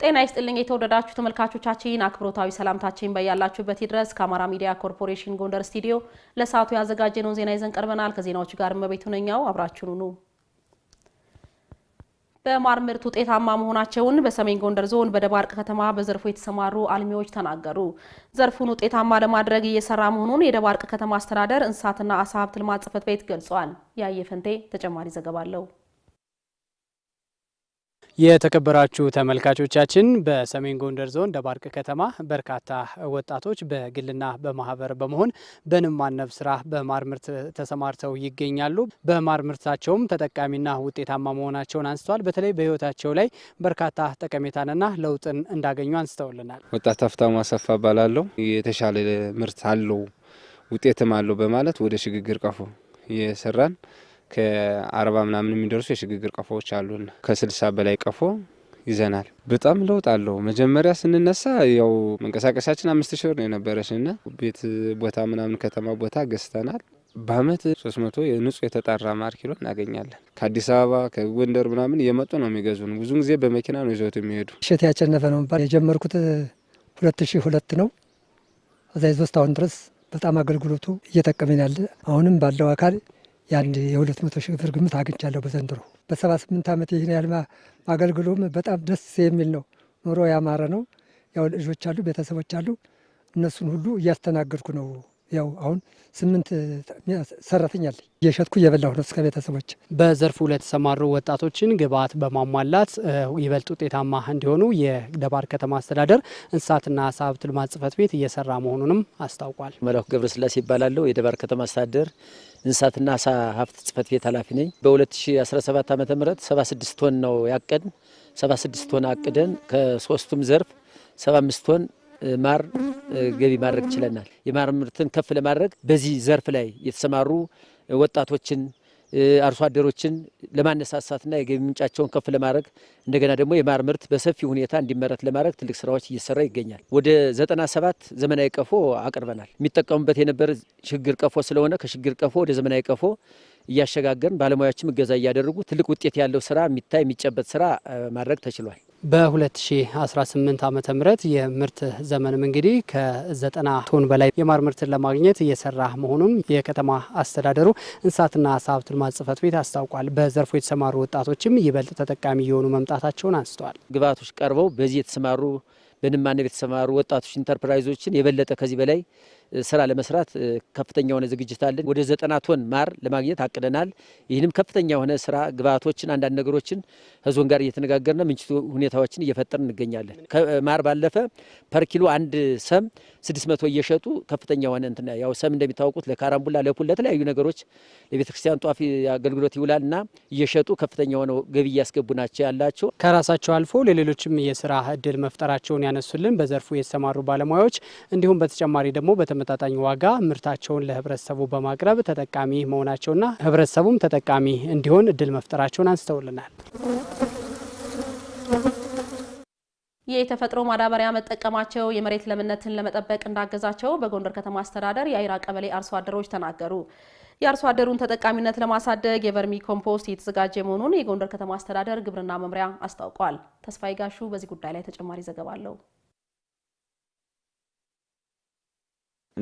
ጤና ይስጥልኝ የተወደዳችሁ ተመልካቾቻችን፣ አክብሮታዊ ሰላምታችን በያላችሁበት ይድረስ። ከአማራ ሚዲያ ኮርፖሬሽን ጎንደር ስቱዲዮ ለሰዓቱ ያዘጋጀነውን ዜና ይዘን ቀርበናል። ከዜናዎቹ ጋር እመቤቱ ነኛው፣ አብራችሁኑ ኑ በማር ምርት ውጤታማ መሆናቸውን በሰሜን ጎንደር ዞን በደባርቅ ከተማ በዘርፉ የተሰማሩ አልሚዎች ተናገሩ። ዘርፉን ውጤታማ ለማድረግ እየሰራ መሆኑን የደባርቅ ከተማ አስተዳደር እንስሳትና አሳ ሀብት ልማት ጽሕፈት ቤት ገልጿል። ያየፈንቴ ተጨማሪ ዘገባ አለው። የተከበራችሁ ተመልካቾቻችን በሰሜን ጎንደር ዞን ደባርቅ ከተማ በርካታ ወጣቶች በግልና በማህበር በመሆን በንብ ማነብ ስራ በማር ምርት ተሰማርተው ይገኛሉ። በማር ምርታቸውም ተጠቃሚና ውጤታማ መሆናቸውን አንስተዋል። በተለይ በህይወታቸው ላይ በርካታ ጠቀሜታንና ለውጥን እንዳገኙ አንስተውልናል። ወጣት ሀፍታሙ አሰፋ እባላለሁ። የተሻለ ምርት አለው ውጤትም አለው በማለት ወደ ሽግግር ቀፎ የሰራን ከአርባ ምናምን የሚደርሱ የሽግግር ቀፎዎች አሉና ከስልሳ በላይ ቀፎ ይዘናል። በጣም ለውጥ አለው። መጀመሪያ ስንነሳ ያው መንቀሳቀሻችን አምስት ሺህ ብር ነው የነበረችና ቤት ቦታ ምናምን ከተማ ቦታ ገዝተናል። በአመት ሶስት መቶ የንጹህ የተጣራ ማር ኪሎ እናገኛለን። ከአዲስ አበባ ከጎንደር ምናምን እየመጡ ነው የሚገዙን። ብዙን ጊዜ በመኪና ነው ይዘውት የሚሄዱ። እሸት ያቸነፈ ነው የሚባል የጀመርኩት ሁለት ሺህ ሁለት ነው እዛ ይዞ እስካሁን ድረስ በጣም አገልግሎቱ እየጠቀመን ያለ አሁንም ባለው አካል የአንድ የሁለት መቶ ሺህ ብር ግምት አግኝቻለሁ በዘንድሮ በሰባ ስምንት ዓመት ይህን ያህል ማገልግሉም በጣም ደስ የሚል ነው። ኑሮ ያማረ ነው። ያው ልጆች አሉ፣ ቤተሰቦች አሉ። እነሱን ሁሉ እያስተናገድኩ ነው። ያው አሁን ስምንት ሰራተኛ አለኝ እየሸጥኩ የበላሁ ነው እስከ ቤተሰቦች። በዘርፉ ለተሰማሩ ወጣቶችን ግብዓት በማሟላት ይበልጥ ውጤታማ እንዲሆኑ የደባር ከተማ አስተዳደር እንስሳትና አሳ ሀብት ልማት ጽሕፈት ቤት እየሰራ መሆኑንም አስታውቋል። መላኩ ገብረስላሴ ይባላለሁ። የደባር ከተማ አስተዳደር እንስሳትና አሳ ሀብት ጽሕፈት ቤት ኃላፊ ነኝ። በ2017 ዓ ም 76 ቶን ነው ያቀድን። 76 ቶን አቅደን ከሶስቱም ዘርፍ 75 ቶን ማር ገቢ ማድረግ ችለናል። የማር ምርትን ከፍ ለማድረግ በዚህ ዘርፍ ላይ የተሰማሩ ወጣቶችን አርሶ አደሮችን ለማነሳሳትና የገቢ ምንጫቸውን ከፍ ለማድረግ እንደገና ደግሞ የማር ምርት በሰፊ ሁኔታ እንዲመረት ለማድረግ ትልቅ ስራዎች እየሰራ ይገኛል። ወደ 97 ዘመናዊ ቀፎ አቅርበናል። የሚጠቀሙበት የነበረ ችግር ቀፎ ስለሆነ ከችግር ቀፎ ወደ ዘመናዊ ቀፎ እያሸጋገርን ባለሙያዎችም እገዛ እያደረጉ ትልቅ ውጤት ያለው ስራ የሚታይ የሚጨበት ስራ ማድረግ ተችሏል። በ2018 ዓ ም የምርት ዘመንም እንግዲህ ከ90 ቶን በላይ የማር ምርትን ለማግኘት እየሰራ መሆኑም የከተማ አስተዳደሩ እንስሳትና ዓሳ ሀብት ልማት ጽሕፈት ቤት አስታውቋል። በዘርፉ የተሰማሩ ወጣቶችም ይበልጥ ተጠቃሚ የሆኑ መምጣታቸውን አንስተዋል። ግብዓቶች ቀርበው በዚህ የተሰማሩ በንማነብ የተሰማሩ ወጣቶች ኢንተርፕራይዞችን የበለጠ ከዚህ በላይ ስራ ለመስራት ከፍተኛ የሆነ ዝግጅት አለን። ወደ ዘጠና ቶን ማር ለማግኘት አቅደናል። ይህንም ከፍተኛ የሆነ ስራ ግብአቶችን፣ አንዳንድ ነገሮችን ህዝቡን ጋር እየተነጋገርና ምንጭቱ ሁኔታዎችን እየፈጠር እንገኛለን። ከማር ባለፈ ፐር ኪሎ አንድ ሰም ስድስት መቶ እየሸጡ ከፍተኛ የሆነ እንትና ያው ሰም እንደሚታወቁት ለካራምቡላ፣ ለፑል፣ ለተለያዩ ነገሮች ክርስቲያን ጧፊ አገልግሎት ይውላል እና እየሸጡ ከፍተኛ የሆነ ገቢ እያስገቡ ናቸው ያላቸው ከራሳቸው አልፎ ለሌሎችም የስራ እድል መፍጠራቸውን ያነሱልን በዘርፉ የተሰማሩ ባለሙያዎች እንዲሁም በተጨማሪ ደግሞ በተመጣጣኝ ዋጋ ምርታቸውን ለህብረተሰቡ በማቅረብ ተጠቃሚ መሆናቸውና ህብረተሰቡም ተጠቃሚ እንዲሆን እድል መፍጠራቸውን አንስተውልናል። የተፈጥሮ ማዳበሪያ መጠቀማቸው የመሬት ለምነትን ለመጠበቅ እንዳገዛቸው በጎንደር ከተማ አስተዳደር የአይራ ቀበሌ አርሶ አደሮች ተናገሩ። የአርሶ አደሩን ተጠቃሚነት ለማሳደግ የቨርሚ ኮምፖስት እየተዘጋጀ መሆኑን የጎንደር ከተማ አስተዳደር ግብርና መምሪያ አስታውቋል። ተስፋይ ጋሹ በዚህ ጉዳይ ላይ ተጨማሪ ዘገባ አለው።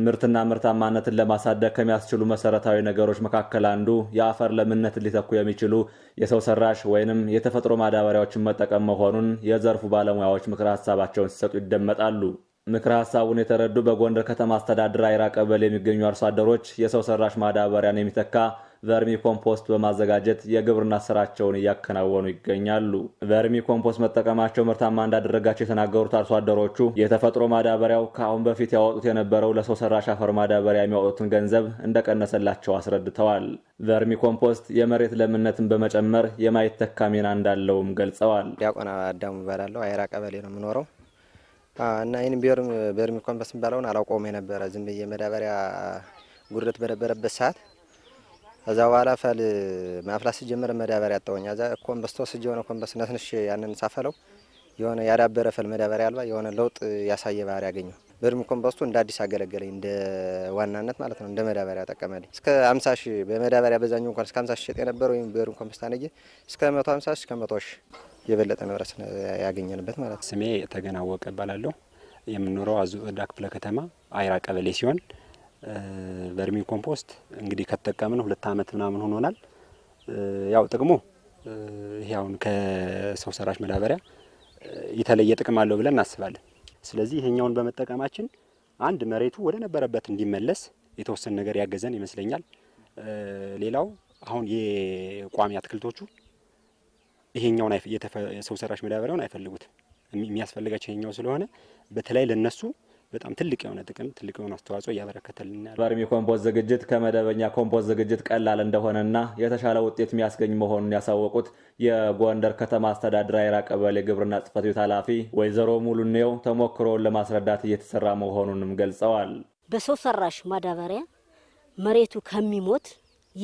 ምርትና ምርታማነትን ለማሳደግ ከሚያስችሉ መሰረታዊ ነገሮች መካከል አንዱ የአፈር ለምነት ሊተኩ የሚችሉ የሰው ሰራሽ ወይንም የተፈጥሮ ማዳበሪያዎችን መጠቀም መሆኑን የዘርፉ ባለሙያዎች ምክር ሀሳባቸውን ሲሰጡ ይደመጣሉ። ምክር ሀሳቡን የተረዱ በጎንደር ከተማ አስተዳደር አይራ ቀበሌ የሚገኙ አርሶ አደሮች የሰው ሰራሽ ማዳበሪያን የሚተካ ቨርሚ ኮምፖስት በማዘጋጀት የግብርና ስራቸውን እያከናወኑ ይገኛሉ። ቨርሚ ኮምፖስት መጠቀማቸው ምርታማ እንዳደረጋቸው የተናገሩት አርሶ አደሮቹ የተፈጥሮ ማዳበሪያው ከአሁን በፊት ያወጡት የነበረው ለሰው ሰራሽ አፈር ማዳበሪያ የሚያወጡትን ገንዘብ እንደቀነሰላቸው አስረድተዋል። ቨርሚ ኮምፖስት የመሬት ለምነትን በመጨመር የማይተካ ሚና እንዳለውም ገልጸዋል። ዲያቆና አዳሙ እባላለሁ። አይራ ቀበሌ ነው የምኖረው እና ይህን ቨርሚ ኮምፖስት የሚባለውን አላውቀውም የነበረ ዝም ብዬ መዳበሪያ ጉድለት በነበረበት ሰዓት ከዛ በኋላ ፈል ማፍላት ስጀምር መዳበሪያ አጣሁኝ። ዛ ኮምበስቶ ስጅ የሆነ ኮምበስ ነትንሽ ያንን ሳፈለው የሆነ ያዳበረ ፈል መዳበሪያ አልባ የሆነ ለውጥ ያሳየ ባህሪ ያገኘው በድም ኮምበስቱ እንደ አዲስ አገለገለኝ እንደ ዋናነት ማለት ነው። እንደ መዳበሪያ ጠቀመልኝ። እስከ 50 ሺ በመዳበሪያ በዛኛው እንኳን እስከ 50 ሺ ሸጥ የነበረ ወይም በድም ኮምበስት አነጌ እስከ 150 እስከ 100 ሺ የበለጠ ንብረት ያገኘንበት ማለት ነው። ስሜ ተገናወቀ እባላለሁ። የምኖረው አዙ ዕዳ ክፍለ ከተማ አይራ ቀበሌ ሲሆን ቨርሚ ኮምፖስት እንግዲህ ከተጠቀምን ሁለት አመት ምናምን ሆኖናል። ያው ጥቅሙ ይሄ አሁን ከሰው ሰራሽ መዳበሪያ የተለየ ጥቅም አለው ብለን እናስባለን። ስለዚህ ይሄኛውን በመጠቀማችን አንድ መሬቱ ወደ ነበረበት እንዲመለስ የተወሰነ ነገር ያገዘን ይመስለኛል። ሌላው አሁን የቋሚ አትክልቶቹ ይሄኛውን ሰው ሰራሽ መዳበሪያውን አይፈልጉትም። የሚያስፈልጋቸው ይሄኛው ስለሆነ በተለይ ለነሱ በጣም ትልቅ የሆነ ጥቅም ትልቅ የሆነ አስተዋጽኦ እያበረከተልን ያለ ቨርሚ ኮምፖስት ዝግጅት ከመደበኛ ኮምፖስት ዝግጅት ቀላል እንደሆነና የተሻለ ውጤት የሚያስገኝ መሆኑን ያሳወቁት የጎንደር ከተማ አስተዳደር አይራ ቀበሌ ግብርና ጽሕፈት ቤት ኃላፊ ወይዘሮ ሙሉኔው ተሞክሮውን ለማስረዳት እየተሰራ መሆኑንም ገልጸዋል። በሰው ሰራሽ ማዳበሪያ መሬቱ ከሚሞት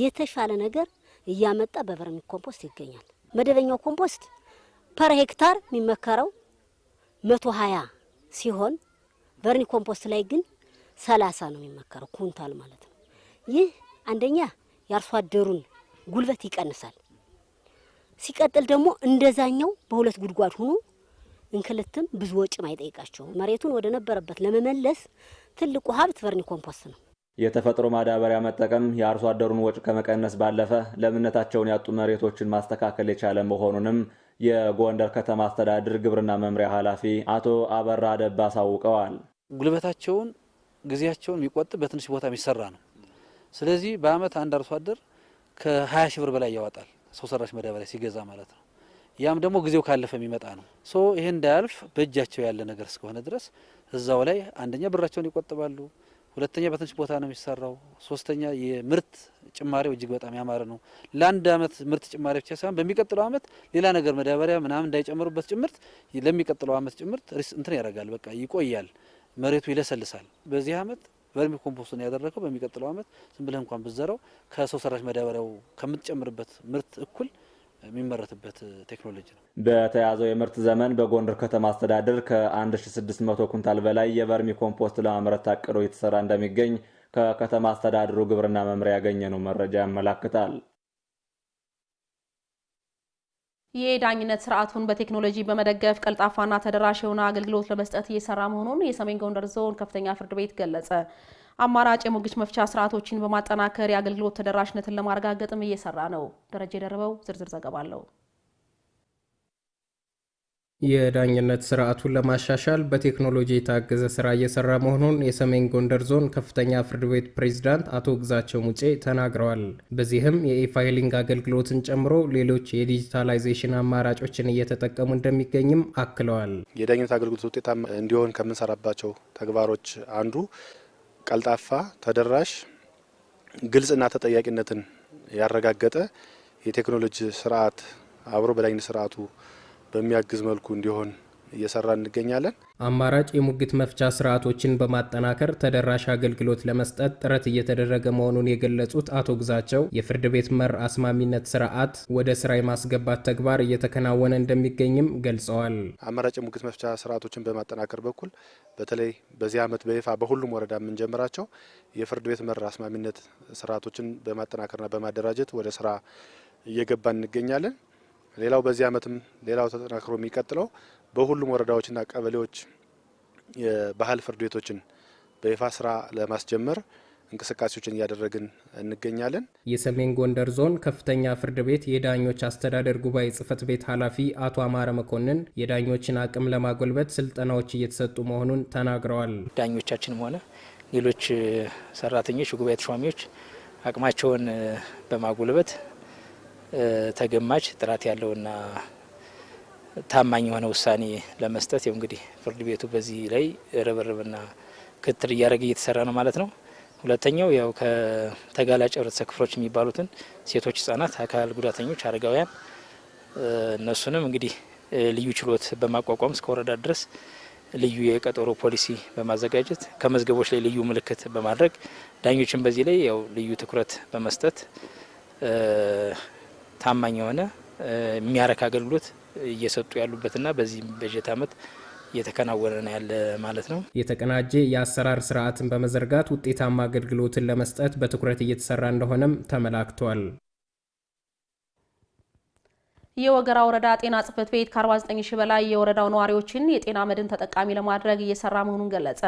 የተሻለ ነገር እያመጣ በበርሚ ኮምፖስት ይገኛል። መደበኛው ኮምፖስት ፐር ሄክታር የሚመከረው መቶ ሀያ ሲሆን በርኒ ኮምፖስት ላይ ግን ሰላሳ ነው የሚመከረው ኩንታል ማለት ነው። ይህ አንደኛ የአርሶ አደሩን ጉልበት ይቀንሳል። ሲቀጥል ደግሞ እንደዛኛው በሁለት ጉድጓድ ሆኖ እንክልትም ብዙ ወጪም አይጠይቃቸውም። መሬቱን ወደ ነበረበት ለመመለስ ትልቁ ሀብት በርኒ ኮምፖስት ነው። የተፈጥሮ ማዳበሪያ መጠቀም የአርሶ አደሩን ወጪ ከመቀነስ ባለፈ ለምነታቸውን ያጡ መሬቶችን ማስተካከል የቻለ መሆኑንም የጎንደር ከተማ አስተዳደር ግብርና መምሪያ ኃላፊ አቶ አበራ ደባ አሳውቀዋል። ጉልበታቸውን፣ ጊዜያቸውን የሚቆጥብ በትንሽ ቦታ የሚሰራ ነው። ስለዚህ በአመት አንድ አርሶ አደር ከ20 ሺህ ብር በላይ ያወጣል ሰው ሰራሽ ማዳበሪያ ሲገዛ ማለት ነው። ያም ደግሞ ጊዜው ካለፈ የሚመጣ ነው። ሶ ይሄ እንዳያልፍ በእጃቸው ያለ ነገር እስከሆነ ድረስ እዛው ላይ አንደኛ ብራቸውን ይቆጥባሉ ሁለተኛ በትንሽ ቦታ ነው የሚሰራው። ሶስተኛ የምርት ጭማሪው እጅግ በጣም ያማረ ነው። ለአንድ አመት ምርት ጭማሪ ብቻ ሳይሆን በሚቀጥለው አመት ሌላ ነገር መዳበሪያ ምናምን እንዳይጨምሩበት ጭምርት ለሚቀጥለው አመት ጭምርት እንትን ያደርጋል። በቃ ይቆያል፣ መሬቱ ይለሰልሳል። በዚህ አመት ቨርሚ ኮምፖስት ነው ያደረገው። በሚቀጥለው አመት ዝም ብለህ እንኳን ብዘረው ከሰው ሰራሽ መዳበሪያው ከምትጨምርበት ምርት እኩል የሚመረትበት ቴክኖሎጂ ነው። በተያዘው የምርት ዘመን በጎንደር ከተማ አስተዳደር ከ1600 ኩንታል በላይ የቨርሚ ኮምፖስት ለማምረት ታቅዶ የተሰራ እንደሚገኝ ከከተማ አስተዳደሩ ግብርና መምሪያ ያገኘነው መረጃ ያመላክታል። የዳኝነት ስርዓቱን በቴክኖሎጂ በመደገፍ ቀልጣፋና ተደራሽ የሆነ አገልግሎት ለመስጠት እየሰራ መሆኑን የሰሜን ጎንደር ዞን ከፍተኛ ፍርድ ቤት ገለጸ። አማራጭ የሞገድ መፍቻ ስርዓቶችን በማጠናከር የአገልግሎት ተደራሽነትን ለማረጋገጥም እየሰራ ነው። ደረጀ ደርበው ዝርዝር ዘገባ አለው። የዳኝነት ስርዓቱን ለማሻሻል በቴክኖሎጂ የታገዘ ስራ እየሰራ መሆኑን የሰሜን ጎንደር ዞን ከፍተኛ ፍርድ ቤት ፕሬዝዳንት አቶ ግዛቸው ሙጬ ተናግረዋል። በዚህም የኢፋይሊንግ አገልግሎትን ጨምሮ ሌሎች የዲጂታላይዜሽን አማራጮችን እየተጠቀሙ እንደሚገኝም አክለዋል። የዳኝነት አገልግሎት ውጤታማ እንዲሆን ከምንሰራባቸው ተግባሮች አንዱ ቀልጣፋ፣ ተደራሽ፣ ግልጽና ተጠያቂነትን ያረጋገጠ የቴክኖሎጂ ስርዓት አብሮ በላይነት ስርዓቱ በሚያግዝ መልኩ እንዲሆን እየሰራ እንገኛለን። አማራጭ የሙግት መፍቻ ስርዓቶችን በማጠናከር ተደራሽ አገልግሎት ለመስጠት ጥረት እየተደረገ መሆኑን የገለጹት አቶ ግዛቸው የፍርድ ቤት መር አስማሚነት ስርዓት ወደ ስራ የማስገባት ተግባር እየተከናወነ እንደሚገኝም ገልጸዋል። አማራጭ የሙግት መፍቻ ስርዓቶችን በማጠናከር በኩል በተለይ በዚህ ዓመት በይፋ በሁሉም ወረዳ የምንጀምራቸው የፍርድ ቤት መር አስማሚነት ስርዓቶችን በማጠናከርና በማደራጀት ወደ ስራ እየገባ እንገኛለን። ሌላው በዚህ ዓመትም ሌላው ተጠናክሮ የሚቀጥለው በሁሉም ወረዳዎችና ቀበሌዎች የባህል ፍርድ ቤቶችን በይፋ ስራ ለማስጀመር እንቅስቃሴዎችን እያደረግን እንገኛለን። የሰሜን ጎንደር ዞን ከፍተኛ ፍርድ ቤት የዳኞች አስተዳደር ጉባኤ ጽህፈት ቤት ኃላፊ አቶ አማረ መኮንን የዳኞችን አቅም ለማጎልበት ስልጠናዎች እየተሰጡ መሆኑን ተናግረዋል። ዳኞቻችንም ሆነ ሌሎች ሰራተኞች፣ የጉባኤ ተሿሚዎች አቅማቸውን በማጎልበት ተገማች ጥራት ያለውና ታማኝ የሆነ ውሳኔ ለመስጠት ው እንግዲህ ፍርድ ቤቱ በዚህ ላይ ርብርብና ክትል እያደረገ እየተሰራ ነው ማለት ነው። ሁለተኛው ያው ከተጋላጭ ህብረተሰብ ክፍሎች የሚባሉትን ሴቶች፣ ህጻናት፣ አካል ጉዳተኞች፣ አረጋውያን እነሱንም እንግዲህ ልዩ ችሎት በማቋቋም እስከ ወረዳ ድረስ ልዩ የቀጠሮ ፖሊሲ በማዘጋጀት ከመዝገቦች ላይ ልዩ ምልክት በማድረግ ዳኞችን በዚህ ላይ ያው ልዩ ትኩረት በመስጠት ታማኝ የሆነ የሚያረክ አገልግሎት እየሰጡ ያሉበትና በዚህ በጀት ዓመት እየተከናወነ ነው ያለ ማለት ነው። የተቀናጀ የአሰራር ስርዓትን በመዘርጋት ውጤታማ አገልግሎትን ለመስጠት በትኩረት እየተሰራ እንደሆነም ተመላክቷል። የወገራ ወረዳ ጤና ጽህፈት ቤት ከ49 ሺህ በላይ የወረዳው ነዋሪዎችን የጤና መድን ተጠቃሚ ለማድረግ እየሰራ መሆኑን ገለጸ።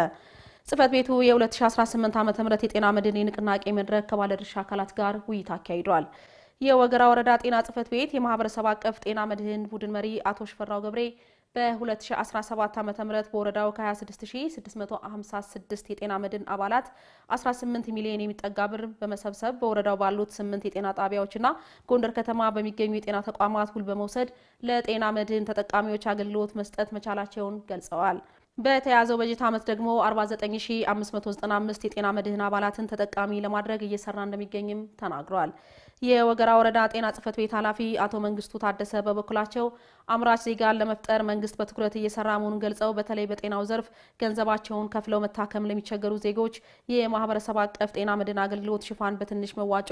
ጽህፈት ቤቱ የ2018 ም የጤና መድን የንቅናቄ መድረክ ከባለድርሻ አካላት ጋር ውይይት አካሂዷል። የወገራ ወረዳ ጤና ጽህፈት ቤት የማህበረሰብ አቀፍ ጤና መድህን ቡድን መሪ አቶ ሽፈራው ገብሬ በ2017 ዓ ም በወረዳው ከ26656 የጤና መድን አባላት 18 ሚሊዮን የሚጠጋ ብር በመሰብሰብ በወረዳው ባሉት 8 የጤና ጣቢያዎችና ጎንደር ከተማ በሚገኙ የጤና ተቋማት ውል በመውሰድ ለጤና መድህን ተጠቃሚዎች አገልግሎት መስጠት መቻላቸውን ገልጸዋል። በተያዘው በጀት ዓመት ደግሞ 49595 የጤና መድህን አባላትን ተጠቃሚ ለማድረግ እየሰራ እንደሚገኝም ተናግረዋል። የወገራ ወረዳ ጤና ጽህፈት ቤት ኃላፊ አቶ መንግስቱ ታደሰ በበኩላቸው አምራች ዜጋን ለመፍጠር መንግስት በትኩረት እየሰራ መሆኑን ገልጸው በተለይ በጤናው ዘርፍ ገንዘባቸውን ከፍለው መታከም ለሚቸገሩ ዜጎች የማህበረሰብ አቀፍ ጤና መድህን አገልግሎት ሽፋን በትንሽ መዋጮ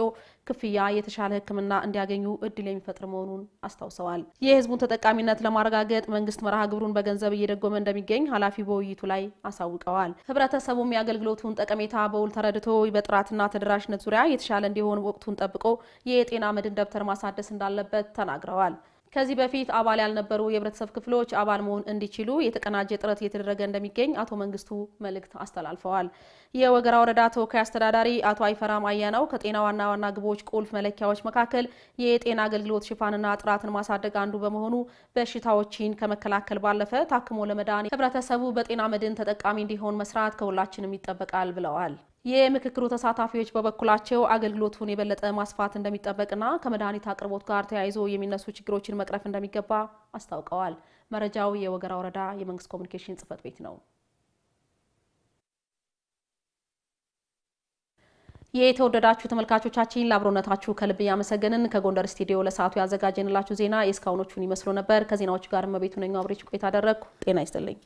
ክፍያ የተሻለ ሕክምና እንዲያገኙ እድል የሚፈጥር መሆኑን አስታውሰዋል። የህዝቡን ተጠቃሚነት ለማረጋገጥ መንግስት መርሃ ግብሩን በገንዘብ እየደጎመ እንደሚገኝ ኃላፊ ኃላፊ በውይይቱ ላይ አሳውቀዋል። ህብረተሰቡም የአገልግሎቱን ጠቀሜታ በውል ተረድቶ በጥራትና ተደራሽነት ዙሪያ የተሻለ እንዲሆን ወቅቱን ጠብቆ የጤና መድን ደብተር ማሳደስ እንዳለበት ተናግረዋል። ከዚህ በፊት አባል ያልነበሩ የህብረተሰብ ክፍሎች አባል መሆን እንዲችሉ የተቀናጀ ጥረት እየተደረገ እንደሚገኝ አቶ መንግስቱ መልእክት አስተላልፈዋል። የወገራ ወረዳ ተወካይ አስተዳዳሪ አቶ አይፈራም አያናው ከጤና ዋና ዋና ግቦች ቁልፍ መለኪያዎች መካከል የጤና አገልግሎት ሽፋንና ጥራትን ማሳደግ አንዱ በመሆኑ በሽታዎችን ከመከላከል ባለፈ ታክሞ ለመዳን ህብረተሰቡ በጤና መድን ተጠቃሚ እንዲሆን መስራት ከሁላችንም ይጠበቃል ብለዋል። የምክክሩ ተሳታፊዎች በበኩላቸው አገልግሎቱን የበለጠ ማስፋት እንደሚጠበቅና ከመድኃኒት አቅርቦት ጋር ተያይዞ የሚነሱ ችግሮችን መቅረፍ እንደሚገባ አስታውቀዋል። መረጃው የወገራ ወረዳ የመንግስት ኮሚኒኬሽን ጽፈት ቤት ነው። የተወደዳችሁ ተመልካቾቻችን ለአብሮነታችሁ ከልብ እያመሰገንን ከጎንደር ስቱዲዮ ለሰዓቱ ያዘጋጀንላችሁ ዜና የእስካሁኖቹን ይመስሉ ነበር። ከዜናዎቹ ጋር መቤቱ ነኛ አብሬች ቆይታ አደረግኩ። ጤና ይስጥልኝ።